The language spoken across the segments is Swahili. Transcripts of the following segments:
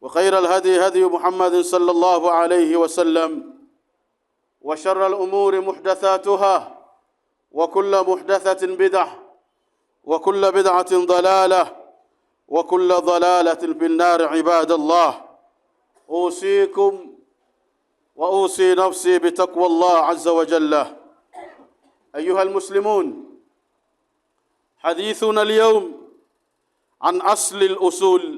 وخير الهدي هدي محمد صلى الله عليه وسلم وشر الأمور محدثاتها وكل محدثة بدعة وكل بدعة ضلالة وكل ضلالة في النار عباد الله أوصيكم وأوصي نفسي بتقوى الله عز وجل أيها المسلمون حديثنا اليوم عن أصل الأصول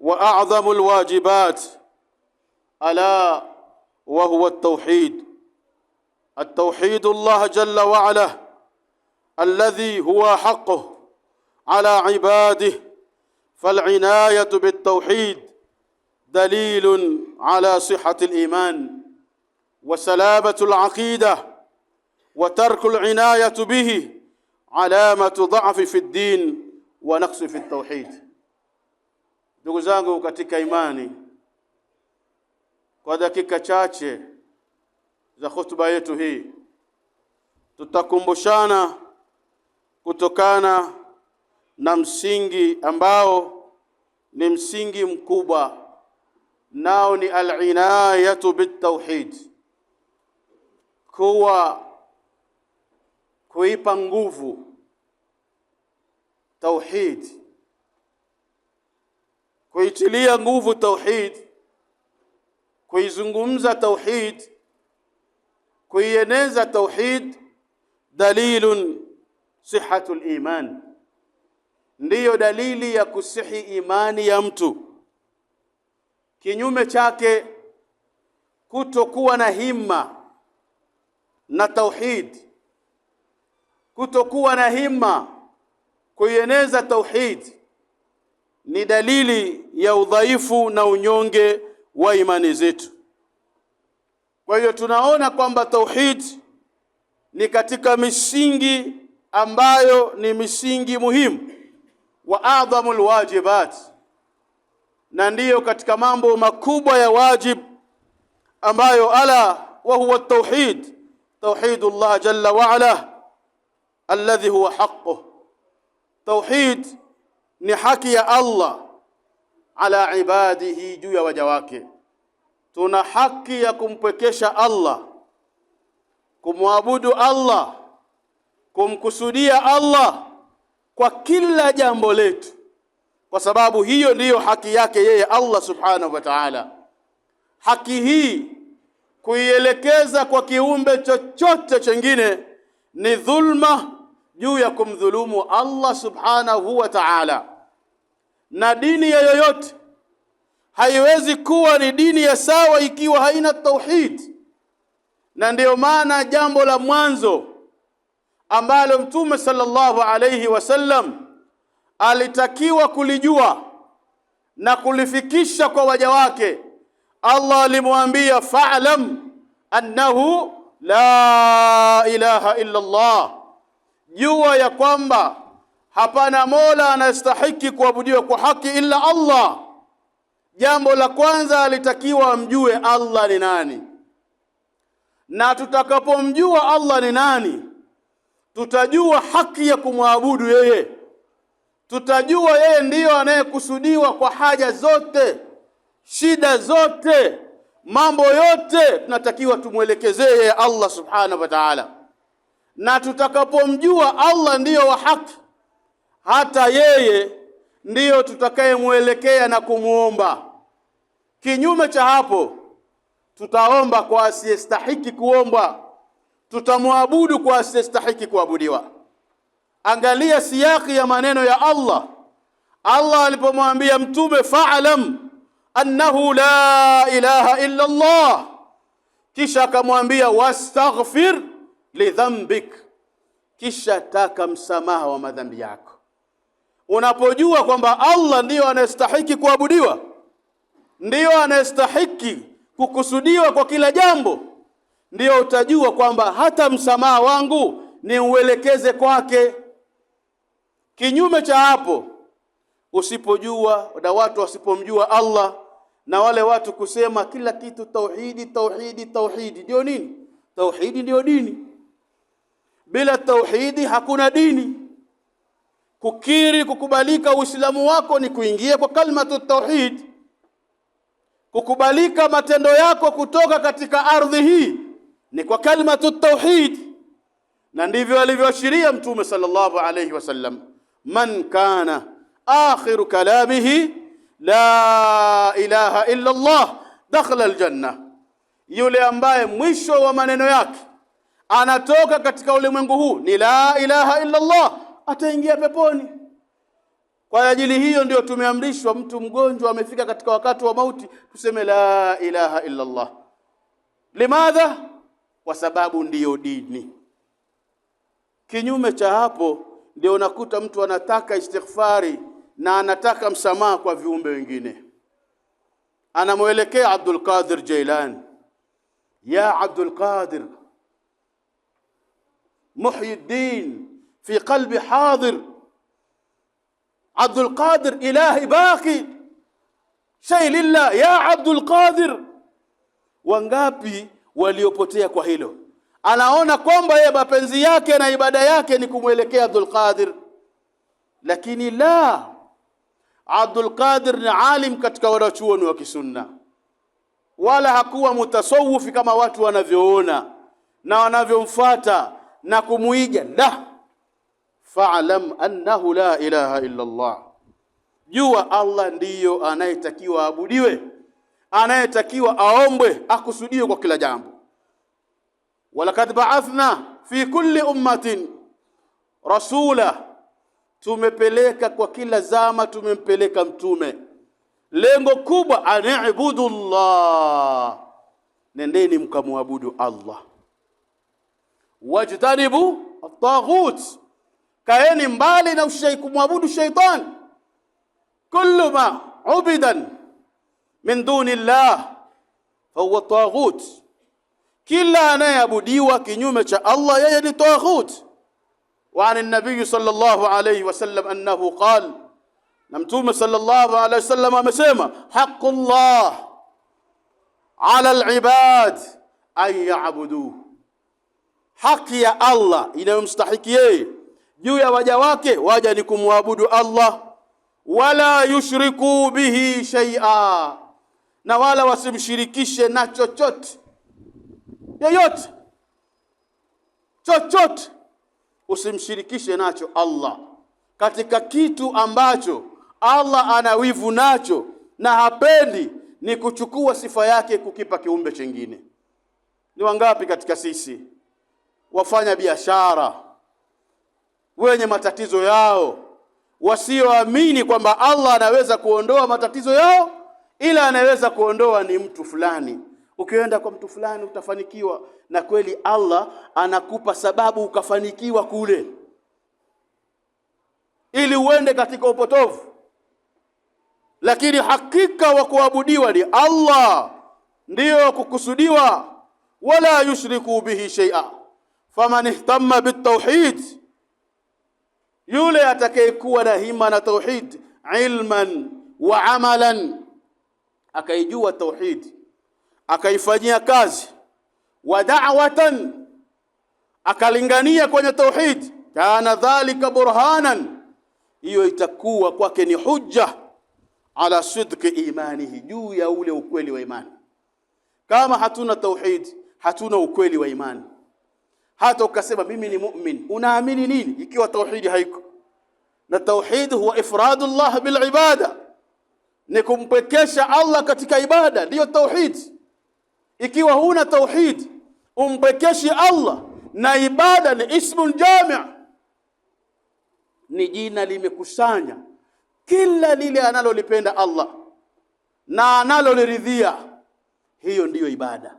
واعظم الواجبات الا وهو التوحيد التوحيد الله جل وعلا الذي هو حقه على عباده فالعنايه بالتوحيد دليل على صحه الايمان وسلامه العقيده وترك العنايه به علامه ضعف في الدين ونقص في التوحيد Ndugu zangu katika imani, kwa dakika chache za hotuba yetu hii tutakumbushana kutokana na msingi ambao ni msingi mkubwa, nao ni alinayatu bitauhid, kuwa kuipa nguvu tauhid kuitilia nguvu tauhid, kuizungumza tauhid, kuieneza tauhid, dalilun sihhatu liman, ndiyo dalili ya kusihi imani ya mtu. Kinyume chake, kutokuwa na himma na tauhid, kutokuwa na himma kuieneza tauhid ni dalili ya udhaifu na unyonge wa imani zetu. Kwa hiyo tunaona kwamba tauhid ni katika misingi ambayo ni misingi muhimu wa adhamul wajibat, na ndiyo katika mambo makubwa ya wajib ambayo ala wa huwa tauhid, llah jalla wa ala alladhi huwa haqquh tauhid ni haki ya Allah ala ibadihi, juu ya waja wake. Tuna haki ya kumpwekesha Allah, kumwabudu Allah, kumkusudia Allah kwa kila jambo letu, kwa sababu hiyo ndiyo haki yake yeye Allah subhanahu wa ta'ala. Haki hii kuielekeza kwa kiumbe chochote chengine ni dhulma juu ya kumdhulumu Allah subhanahu wa ta'ala. Na dini ya yoyote haiwezi kuwa ni dini ya sawa ikiwa haina tauhid, na ndiyo maana jambo la mwanzo ambalo Mtume sallallahu alayhi wasallam alitakiwa kulijua na kulifikisha kwa waja wake, Allah alimwambia fa'lam annahu la ilaha illa Allah jua ya kwamba hapana mola anastahiki kuabudiwa kwa haki ila Allah. Jambo la kwanza alitakiwa amjue Allah ni nani, na tutakapomjua Allah ni nani, tutajua haki ya kumwabudu yeye, tutajua yeye ndiyo anayekusudiwa kwa haja zote, shida zote, mambo yote, tunatakiwa tumwelekezee yeye Allah subhanahu wa ta'ala na tutakapomjua Allah ndiyo wa haki, hata yeye ndiyo tutakayemwelekea na kumuomba. Kinyume cha hapo, tutaomba kwa asiyestahiki kuomba, tutamwabudu kwa asiyestahiki kuabudiwa. Angalia siyaki ya maneno ya Allah. Allah alipomwambia Mtume, fa'lam annahu la ilaha illa Allah, kisha akamwambia wastaghfir lidhambik, kisha taka msamaha wa madhambi yako. Unapojua kwamba Allah ndiyo anayestahiki kuabudiwa, ndiyo anayestahiki kukusudiwa kwa kila jambo, ndiyo utajua kwamba hata msamaha wangu ni uelekeze kwake. Kinyume cha hapo, usipojua na watu wasipomjua Allah na wale watu kusema kila kitu tauhidi, tauhidi, tauhidi. Ndio nini tauhidi? Ndio dini bila tauhidi hakuna dini. Kukiri kukubalika Uislamu wako ni kuingia kwa kalimatu tauhid, kukubalika matendo yako kutoka katika ardhi hii ni kwa kalimatu tauhid, na ndivyo alivyoashiria Mtume sallallahu alayhi wasallam, man kana akhiru kalamihi la ilaha illa Allah dakhala aljanna, yule ambaye mwisho wa maneno yake anatoka katika ulimwengu huu ni la ilaha illa Allah, ataingia peponi. Kwa ajili hiyo ndio tumeamrishwa, mtu mgonjwa amefika katika wakati wa mauti, tuseme la ilaha illa Allah. Limadha? Kwa sababu ndiyo dini. Kinyume cha hapo, ndio unakuta mtu anataka istighfari na anataka msamaha kwa viumbe wengine, anamwelekea Abdul Qadir Jailani, ya Abdul Qadir محي الدين في قلبي حاضر عبد القادر إلهي باقي شيء لله يا عبد القادر wangapi waliopotea kwa hilo anaona kwamba yeye mapenzi yake na ibada yake ni kumwelekea Abdul Qadir lakini la Abdul Qadir ni alim katika wanachuoni wa kisunna wala hakuwa mutasawufi kama watu wanavyoona na wanavyomfuata na kumuiga la fa'lam annahu la ilaha illa Allah, jua Allah ndiyo anayetakiwa aabudiwe, anayetakiwa aombwe, akusudiwe kwa kila jambo. Walakad ba'athna fi kulli ummatin rasula, tumepeleka kwa kila zama, tumempeleka mtume. Lengo kubwa an'budu Allah, nendeni mkamwabudu Allah wajtanibu at-taghut, kaeni mbali na kumwabudu shaitani. Kullu ma ubidan min duni llah fahuwa taghut, kila anayeabudiwa kinyume cha Allah yeye ni taghut. Wa an nabiyi sallallahu alayhi wasallam annahu qala, na Mtume sallallahu alayhi wasallam amesema haqqullah ala al-ibad an ya'buduhu haki ya Allah inayomstahiki yeye juu ya waja wake waja ni kumwabudu Allah, wala yushriku bihi shay'a, na wala wasimshirikishe na chochote yoyote. Chochote usimshirikishe nacho Allah katika kitu ambacho Allah ana wivu nacho na hapendi ni kuchukua sifa yake kukipa kiumbe chengine. Ni wangapi katika sisi wafanya biashara wenye matatizo yao, wasioamini kwamba Allah anaweza kuondoa matatizo yao, ila anaweza kuondoa ni mtu fulani. Ukienda kwa mtu fulani utafanikiwa, na kweli Allah anakupa sababu ukafanikiwa kule, ili uende katika upotovu. Lakini hakika wa kuabudiwa ni Allah, ndiyo kukusudiwa, wala yushriku bihi shay'a faman ihtamma bitauhid, yule atakayekuwa na hima na tauhid, ilman wa amalan, akaijua tauhid akaifanyia kazi, wa da'watan, akalingania kwenye tauhid, kana dhalika burhanan, hiyo itakuwa kwake ni hujja ala sidqi imanihi, juu ya ule ukweli wa imani. Kama hatuna tauhid, hatuna ukweli wa imani hata ukasema mimi ni mu'min, unaamini nini ikiwa tauhidi haiko? Na tauhidi huwa ifradu Allah bil ibada, ni kumpekesha Allah katika ibada, ndiyo tauhidi. Ikiwa huna tauhidi, umpekeshi Allah na ibada, ni ismun jami', ni jina limekusanya kila lile analolipenda Allah na analoliridhia, hiyo ndiyo ibada.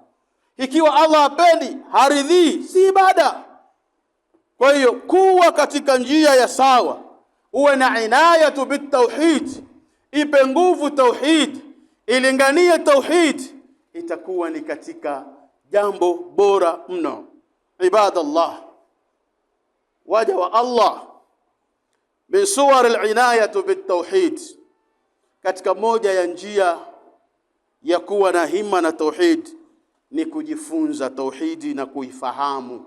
Ikiwa Allah hapendi, haridhii, si ibada. Kwa hiyo kuwa katika njia ya sawa, uwe na inayatu bitauhid, ipe nguvu tauhid, ilinganie tauhid, itakuwa ni katika jambo bora mno. Ibadallah, waja wa Allah, min suwar alinayatu bitauhid, katika moja ya njia ya kuwa na hima na tauhid ni kujifunza tauhidi na kuifahamu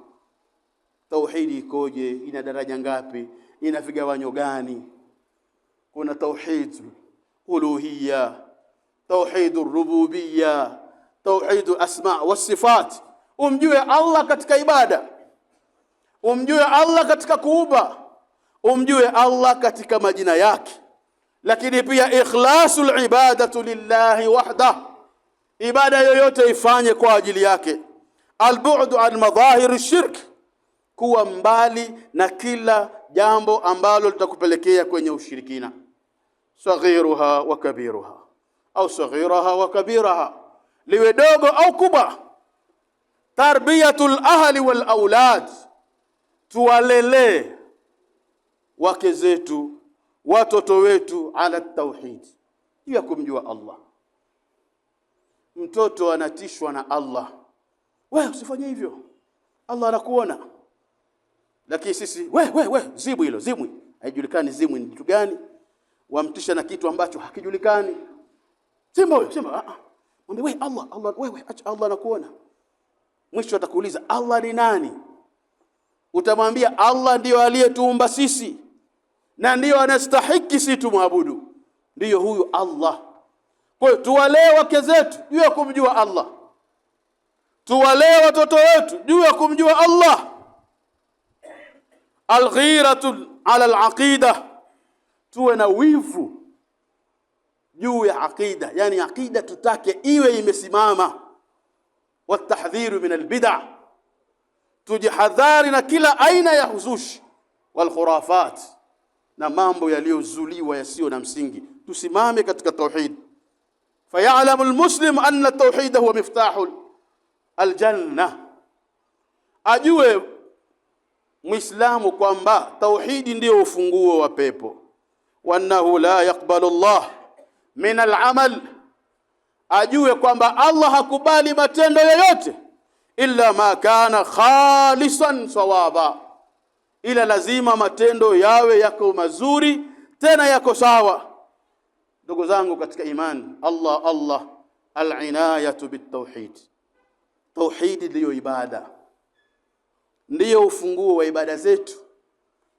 tauhidi ikoje, ina daraja ngapi, ina vigawanyo gani? Kuna tauhid uluhiyya, tauhid rububiyya, tauhid asma wa sifat. Umjue Allah katika ibada, umjue Allah katika kuuba, umjue Allah katika majina yake, lakini pia ikhlasul ibadatu lillahi wahdahu ibada yoyote ifanye kwa ajili yake. Albu'du an madhahiri shirk, kuwa mbali na kila jambo ambalo litakupelekea kwenye ushirikina. Saghiruha wa kabiruha au saghiraha wa kabiraha, liwe dogo au kubwa. Tarbiyatul ahli wal aulad, tuwalelee wake zetu watoto wetu ala tauhid, juu ya kumjua Allah mtoto anatishwa na Allah. Wewe usifanye hivyo, Allah anakuona. Lakini sisi we, we, we, zibu hilo, zimwi. Haijulikani zimwi ni kitu gani, wamtisha na kitu ambacho hakijulikani. Simba wewe, simba ah, ah, mwambie wewe Allah, Allah, wewe acha Allah anakuona. Mwisho atakuuliza Allah ni nani? Utamwambia Allah ndiyo aliyetuumba sisi na ndiyo anastahiki sisi tumwabudu, ndiyo huyu Allah kwa hiyo tuwalee wake zetu juu ya kumjua Allah, tuwalee watoto wetu juu ya kumjua Allah. Alghiratu ala alaqida, tuwe na wivu juu ya aqida, yani aqida tutake iwe imesimama. Watahdhiru min albid'a, tujihadhari na kila aina ya huzushi walkhurafat, na mambo yaliyozuliwa yasiyo na msingi. Tusimame katika tauhid fayalamu lmuslim anna tauhida huwa miftahu aljanna, ajue Muislamu kwamba tauhidi ndiyo ufunguo wa pepo. Wa la yaqbalu llah min alamal, ajue kwamba Allah hakubali matendo yoyote illa ma kana khalisan sawaba, ila lazima matendo yawe yako mazuri tena yako sawa ndugu zangu katika imani Allah Allah al-inayatu bitawhid tauhid ndiyo ibada ndiyo ufunguo wa ibada zetu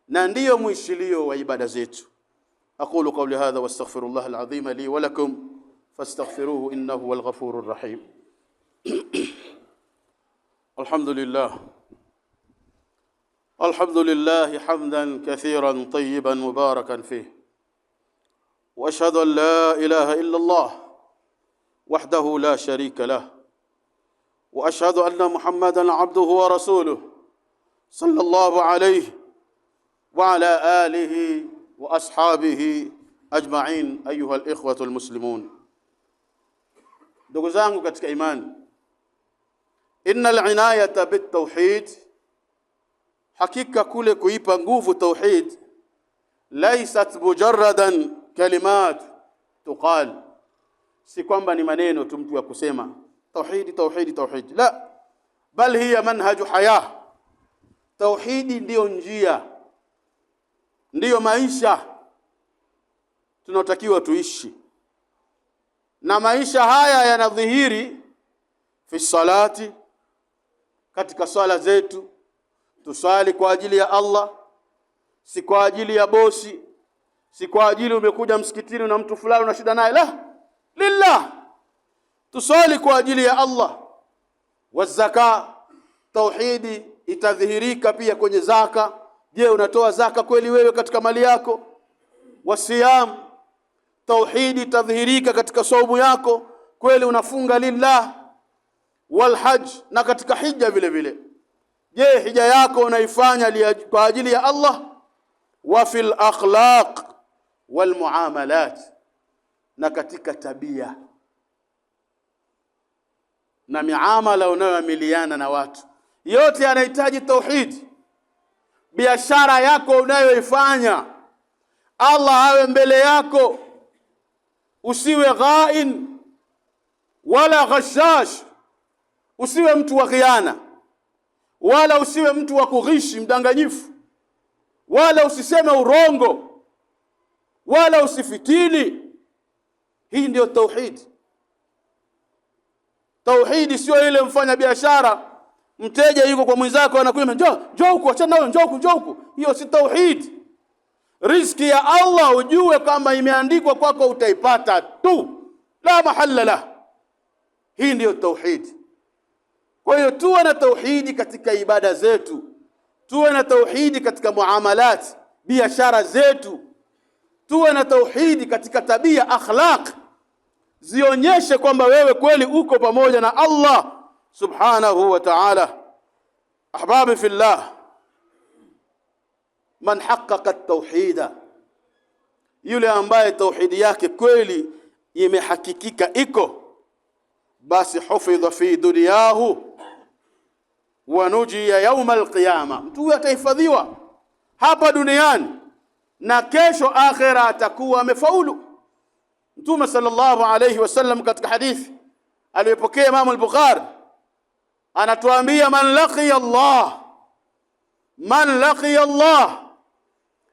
na ndiyo mwishilio wa ibada zetu aqulu qawli hadha wastaghfirullah al-azim li wa lakum fastaghfiruhu innahu wal ghafurur rahim الحمد لله الحمد لله حمدا كثيرا طيبا مباركا فيه واشهد ان لا اله الا الله وحده لا شريك له واشهد ان محمدا عبده ورسوله صلى الله عليه وعلى اله واصحابه اجمعين ايها الاخوه المسلمون ndugu zangu katika imani innal inayata bitauhid hakika kule kuipa nguvu tauhid laysat kalimat tuqal, si kwamba ni maneno tu mtu ya kusema tauhidi tauhidi tauhidi, la bal hiya manhaju haya. Tauhidi ndiyo njia, ndiyo maisha tunaotakiwa tuishi, na maisha haya yanadhihiri fi salati, katika swala zetu tusali kwa ajili ya Allah, si kwa ajili ya bosi si kwa ajili umekuja msikitini na mtu fulani una shida naye, la lillah, tusali kwa ajili ya Allah. Wazaka, tauhidi itadhihirika pia kwenye zaka. Je, unatoa zaka kweli wewe katika mali yako? Wasiyam, tauhidi itadhihirika katika saumu yako, kweli unafunga lillah. Walhaj, na katika hija vile vile, je, hija yako unaifanya kwa ajili ya Allah? wa fil akhlaq walmuamalat, na katika tabia na miamala unayoamiliana na watu, yote yanahitaji tauhid. Biashara yako unayoifanya Allah awe mbele yako, usiwe ghain wala ghashash, usiwe mtu wa khiana wala usiwe mtu wa kughishi, mdanganyifu, wala usiseme urongo wala usifitini. Hii ndiyo tauhid Tauhidi sio ile mfanya biashara, mteja yuko kwa mwenzako, anakuja njoo njoo huku, acha nayo, njoo huku, njoo huku. Hiyo si tauhidi. Riziki ya Allah ujue kama imeandikwa kwako, kwa utaipata tu, la mahalla lah. Hii ndiyo tauhidi. Kwa hiyo tuwe na tauhidi katika ibada zetu, tuwe na tauhidi katika muamalati, biashara zetu tuwe na tauhidi katika tabia, akhlaq zionyeshe kwamba wewe kweli uko pamoja na Allah subhanahu wa ta'ala. Ahbabi fillah, man haqqaqa tauhida, yule ambaye tauhidi yake kweli imehakikika iko basi, hufidha fi dunyahu wa nujiya yauma alqiyama, mtu huyu atahifadhiwa hapa duniani na kesho akhera atakuwa amefaulu. Mtume sallallahu alayhi wasallam katika hadithi aliyopokea imamu al-Bukhari anatuambia, man laqiya Allah, man laqiya Allah,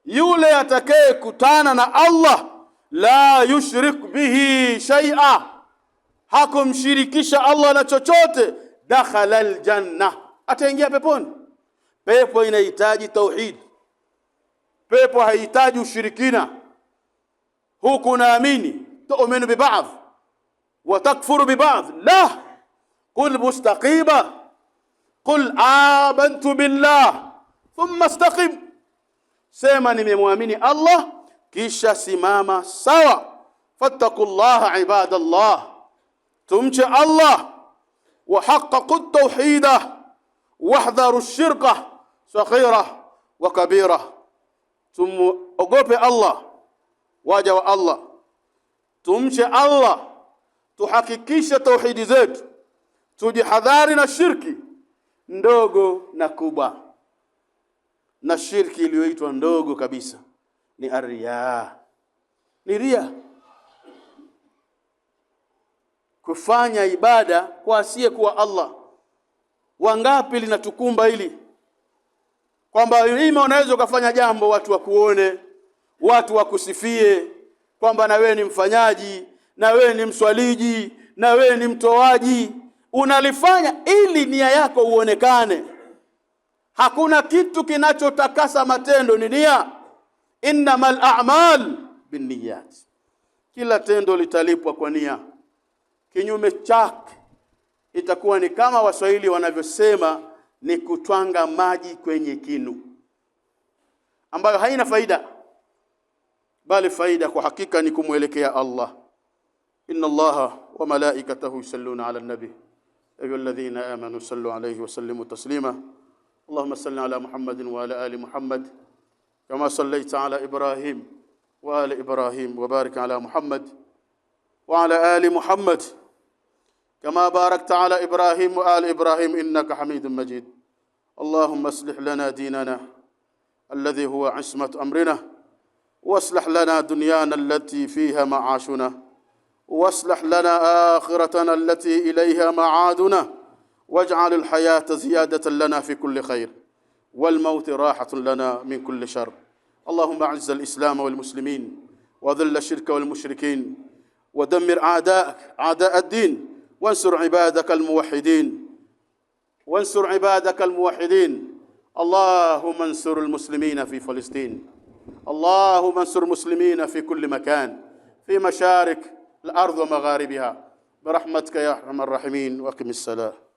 yule atakayekutana na Allah, la yushrik bihi shay'a, hakumshirikisha Allah na chochote, dakhala aljanna, ataingia peponi. Pepo inahitaji tauhidi pepo haihitaji ushirikina, huku naamini tu'minu bibadh wa takfuru bibadh la qul mustaqima qul amantu billah thumma istaqim, sema nimemwamini Allah kisha simama sawa. Fattaqullaha ibadallah, tumche Allah وحققوا التوحيد واحذروا saghira صغيره وكبيره tumogope Allah, waja wa Allah, tumche Allah, tuhakikishe tauhidi zetu, tujihadhari na shirki ndogo na kubwa. Na shirki iliyoitwa ndogo kabisa ni ariya, ni ria, kufanya ibada kwa kuwa Allah. Wangapi linatukumba hili? kwamba ima unaweza ukafanya jambo watu wakuone, watu wakusifie kwamba na wewe ni mfanyaji, na wewe ni mswaliji, na wewe ni mtoaji. Unalifanya ili nia yako uonekane. Hakuna kitu kinachotakasa matendo ni nia, innamal a'mal binniyat. Kila tendo litalipwa kwa nia. Kinyume chake itakuwa ni kama Waswahili wanavyosema ni kutwanga maji kwenye kinu, ambayo haina faida, bali faida kwa hakika ni kumwelekea Allah. inna Allah wa malaikatahu yusalluna ala nabi ayu alladhina amanu sallu alayhi wa sallimu taslima allahumma salli ala muhammadin wa ala ali muhammad kama sallaita ala ibrahim wa ala ibrahim wa barik ala muhammad wa ala ali muhammad كما باركت على إبراهيم وآل إبراهيم إنك حميد مجيد اللهم اصلح لنا ديننا الذي هو عصمة أمرنا واصلح لنا دنيانا التي فيها معاشنا واصلح لنا آخرتنا التي إليها معادنا واجعل الحياة زيادة لنا في كل خير والموت راحة لنا من كل شر اللهم أعز الإسلام والمسلمين وذل الشرك والمشركين ودمر أعداءك أعداء الدين وانصر عبادك الموحدين وانصر عبادك الموحدين اللهم انصر المسلمين في فلسطين اللهم انصر المسلمين في كل مكان في مشارق الارض ومغاربها برحمتك يا ارحم الراحمين واقم الصلاه